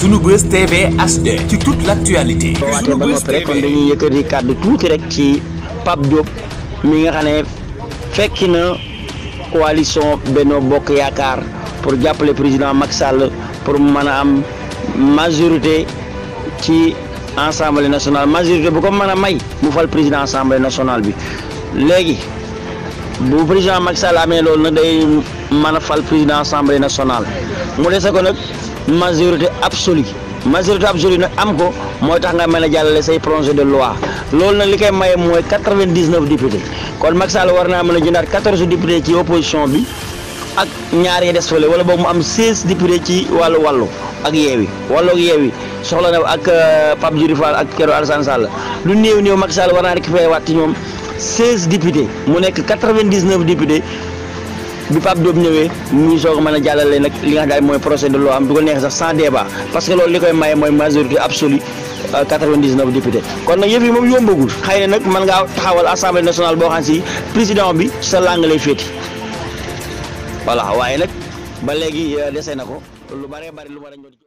Sunubuzz TV HD ci toute l'actualité. waatee ba noppi rek kon dañuy yëkkati kàddu tuuti rek ci Pape Diop mi nga xam ne fekki na coalition benn Bokk Yaakaar pour jàppale président Macky Sall pour mën a am majorité ci assemblée national majorité bu ko mën a may mu fal président assemblée national bi léegi bu président Macky amee loolu nag day mën a fal président assemblée national mu dese ko nag. majorité absolue majorité absolue nag am ko mooy tax nga mën a jàllale say projet de loi loolu nag li koy maye mooy quatre-vingt-dix-neuf députés kon Macky Sall war naa mën a jëndaat quatorze députés ci opposition bi ak ñaari yi des fële wala boobu mu am seize députés ci wàllu wàllu ak yeewi wàllu ak yeewi soxla na ak euh, Pape Djibril Fall ak Thierno Alassane Sall lu néew néew Macky Sall war naa récupéré waat ci ñoom seize députés mu nekk quatre-vingt-dix-neuf députés. bi Pape Diop ñëwee muy soog mën a jàllale nag li nga xam daal mooy projet de loi am du ko neex sax sans débat parce que loolu li koy maye mooy majorité absolue 99 euh, députés kon nag yëf moom yombagul xëy na nag mën ngaa taxawal assemblée nationale boo xam si président bi sa làng féeti voilà waaye nag ba léegi euh, dese na ko lu bare bari lu war a